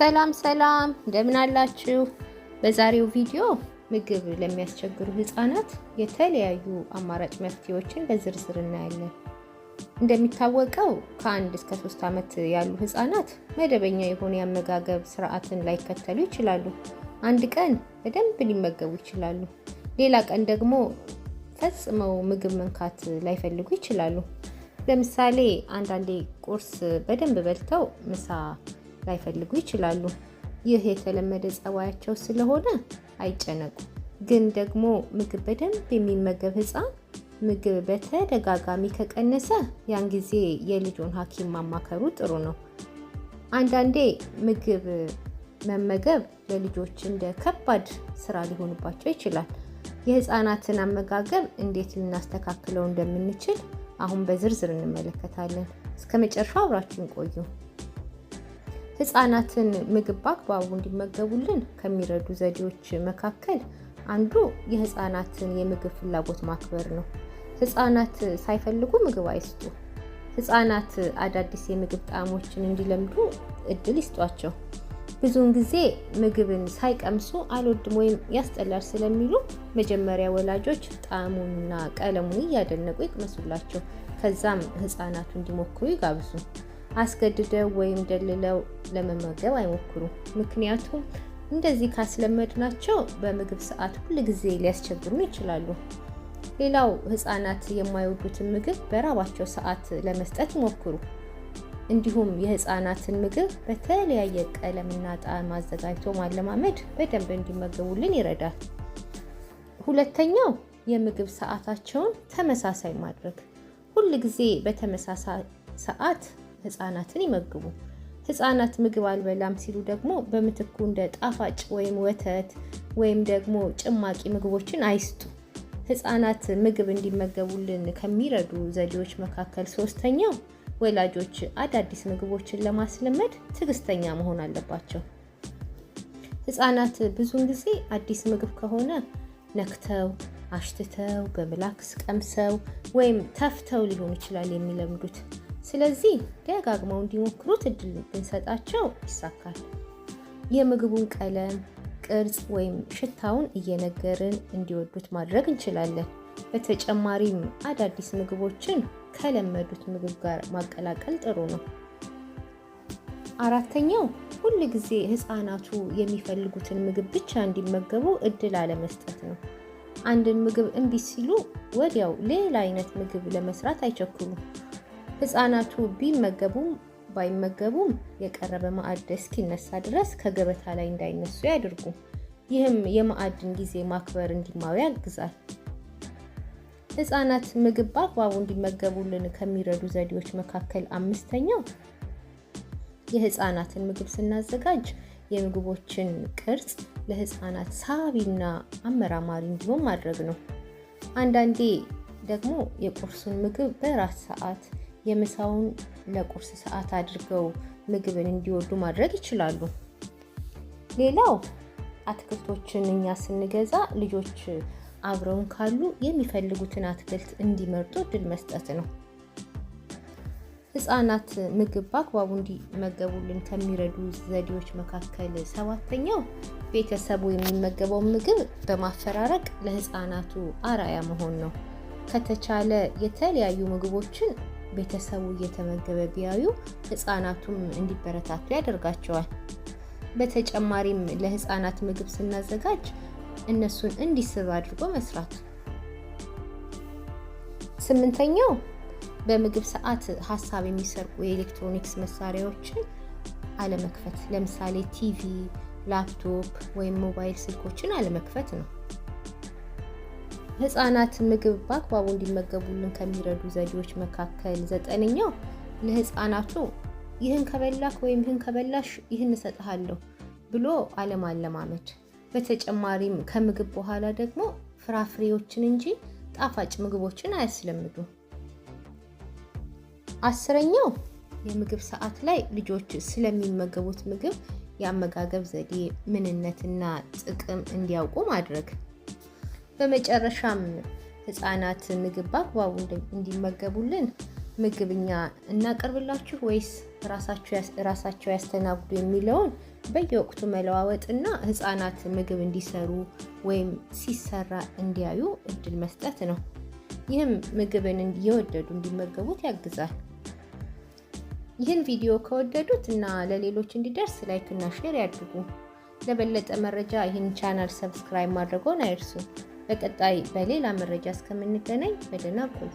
ሰላም ሰላም እንደምን አላችሁ? በዛሬው ቪዲዮ ምግብ ለሚያስቸግሩ ህጻናት የተለያዩ አማራጭ መፍትሄዎችን በዝርዝር እናያለን። እንደሚታወቀው ከአንድ እስከ ሶስት ዓመት ያሉ ህጻናት መደበኛ የሆነ የአመጋገብ ስርዓትን ላይከተሉ ይችላሉ። አንድ ቀን በደንብ ሊመገቡ ይችላሉ። ሌላ ቀን ደግሞ ፈጽመው ምግብ መንካት ላይፈልጉ ይችላሉ። ለምሳሌ አንዳንዴ ቁርስ በደንብ በልተው ምሳ ላይፈልጉ ይችላሉ። ይህ የተለመደ ጸባያቸው ስለሆነ አይጨነቁ። ግን ደግሞ ምግብ በደንብ የሚመገብ ህፃን ምግብ በተደጋጋሚ ከቀነሰ ያን ጊዜ የልጁን ሐኪም ማማከሩ ጥሩ ነው። አንዳንዴ ምግብ መመገብ ለልጆች እንደ ከባድ ስራ ሊሆንባቸው ይችላል። የህፃናትን አመጋገብ እንዴት ልናስተካክለው እንደምንችል አሁን በዝርዝር እንመለከታለን። እስከ መጨረሻው አብራችን ቆዩ። ህፃናትን ምግብ በአግባቡ እንዲመገቡልን ከሚረዱ ዘዴዎች መካከል አንዱ የህፃናትን የምግብ ፍላጎት ማክበር ነው። ህፃናት ሳይፈልጉ ምግብ አይስጡ። ህፃናት አዳዲስ የምግብ ጣዕሞችን እንዲለምዱ እድል ይስጧቸው። ብዙውን ጊዜ ምግብን ሳይቀምሱ አልወድም ወይም ያስጠላል ስለሚሉ መጀመሪያ ወላጆች ጣዕሙንና ቀለሙን እያደነቁ ይቅመሱላቸው። ከዛም ህፃናቱ እንዲሞክሩ ይጋብዙ። አስገድደው ወይም ደልለው ለመመገብ አይሞክሩ። ምክንያቱም እንደዚህ ካስለመድናቸው በምግብ ሰዓት ሁል ጊዜ ሊያስቸግሩን ይችላሉ። ሌላው ህፃናት የማይወዱትን ምግብ በራባቸው ሰዓት ለመስጠት ይሞክሩ። እንዲሁም የህፃናትን ምግብ በተለያየ ቀለምና ጣዕም አዘጋጅቶ ማለማመድ በደንብ እንዲመገቡልን ይረዳል። ሁለተኛው የምግብ ሰዓታቸውን ተመሳሳይ ማድረግ። ሁል ጊዜ በተመሳሳይ ሰዓት ህፃናትን ይመግቡ። ህፃናት ምግብ አልበላም ሲሉ ደግሞ በምትኩ እንደ ጣፋጭ ወይም ወተት ወይም ደግሞ ጭማቂ ምግቦችን አይስጡ። ህፃናት ምግብ እንዲመገቡልን ከሚረዱ ዘዴዎች መካከል ሶስተኛው ወላጆች አዳዲስ ምግቦችን ለማስለመድ ትግስተኛ መሆን አለባቸው። ህፃናት ብዙውን ጊዜ አዲስ ምግብ ከሆነ ነክተው፣ አሽትተው፣ በምላክስ ቀምሰው ወይም ተፍተው ሊሆን ይችላል የሚለምዱት። ስለዚህ ደጋግመው እንዲሞክሩት እድል ብንሰጣቸው ይሳካል። የምግቡን ቀለም፣ ቅርጽ ወይም ሽታውን እየነገርን እንዲወዱት ማድረግ እንችላለን። በተጨማሪም አዳዲስ ምግቦችን ከለመዱት ምግብ ጋር ማቀላቀል ጥሩ ነው። አራተኛው ሁል ጊዜ ህፃናቱ የሚፈልጉትን ምግብ ብቻ እንዲመገቡ እድል አለመስጠት ነው። አንድን ምግብ እምቢ ሲሉ ወዲያው ሌላ አይነት ምግብ ለመስራት አይቸኩሉም። ህፃናቱ ቢመገቡም ባይመገቡም የቀረበ ማዕድ እስኪነሳ ድረስ ከገበታ ላይ እንዳይነሱ ያድርጉ። ይህም የማዕድን ጊዜ ማክበር እንዲማሩ ያግዛል። ህፃናት ምግብ በአግባቡ እንዲመገቡልን ከሚረዱ ዘዴዎች መካከል አምስተኛው የህፃናትን ምግብ ስናዘጋጅ የምግቦችን ቅርጽ ለህፃናት ሳቢና አመራማሪ እንዲሆን ማድረግ ነው። አንዳንዴ ደግሞ የቁርሱን ምግብ በራት ሰዓት የምሳውን ለቁርስ ሰዓት አድርገው ምግብን እንዲወዱ ማድረግ ይችላሉ። ሌላው አትክልቶችን እኛ ስንገዛ ልጆች አብረውን ካሉ የሚፈልጉትን አትክልት እንዲመርጡ እድል መስጠት ነው። ህፃናት ምግብ በአግባቡ እንዲመገቡልን ከሚረዱ ዘዴዎች መካከል ሰባተኛው ቤተሰቡ የሚመገበውን ምግብ በማፈራረቅ ለህፃናቱ አራያ መሆን ነው። ከተቻለ የተለያዩ ምግቦችን ቤተሰቡ እየተመገበ ቢያዩ ህፃናቱም እንዲበረታቱ ያደርጋቸዋል። በተጨማሪም ለህፃናት ምግብ ስናዘጋጅ እነሱን እንዲስብ አድርጎ መስራት። ስምንተኛው በምግብ ሰዓት ሀሳብ የሚሰርቁ የኤሌክትሮኒክስ መሳሪያዎችን አለመክፈት፣ ለምሳሌ ቲቪ፣ ላፕቶፕ ወይም ሞባይል ስልኮችን አለመክፈት ነው። ህጻናት ምግብ በአግባቡ እንዲመገቡልን ከሚረዱ ዘዴዎች መካከል ዘጠነኛው ለህፃናቱ ይህን ከበላክ ወይም ይህን ከበላሽ ይህን እሰጥሃለሁ ብሎ አለማለማመድ። በተጨማሪም ከምግብ በኋላ ደግሞ ፍራፍሬዎችን እንጂ ጣፋጭ ምግቦችን አያስለምዱ። አስረኛው የምግብ ሰዓት ላይ ልጆች ስለሚመገቡት ምግብ የአመጋገብ ዘዴ ምንነትና ጥቅም እንዲያውቁ ማድረግ በመጨረሻም ህፃናት ምግብ በአግባቡ እንዲመገቡልን ምግብኛ እናቀርብላችሁ ወይስ ራሳቸው ያስተናግዱ የሚለውን በየወቅቱ መለዋወጥና ህፃናት ምግብ እንዲሰሩ ወይም ሲሰራ እንዲያዩ እድል መስጠት ነው። ይህም ምግብን እየወደዱ እንዲመገቡት ያግዛል። ይህን ቪዲዮ ከወደዱት እና ለሌሎች እንዲደርስ ላይክ እና ሼር ያድርጉ። ለበለጠ መረጃ ይህን ቻናል ሰብስክራይብ ማድረጎን አይርሱ። በቀጣይ በሌላ መረጃ እስከምንገናኝ በደህና ቆዩ።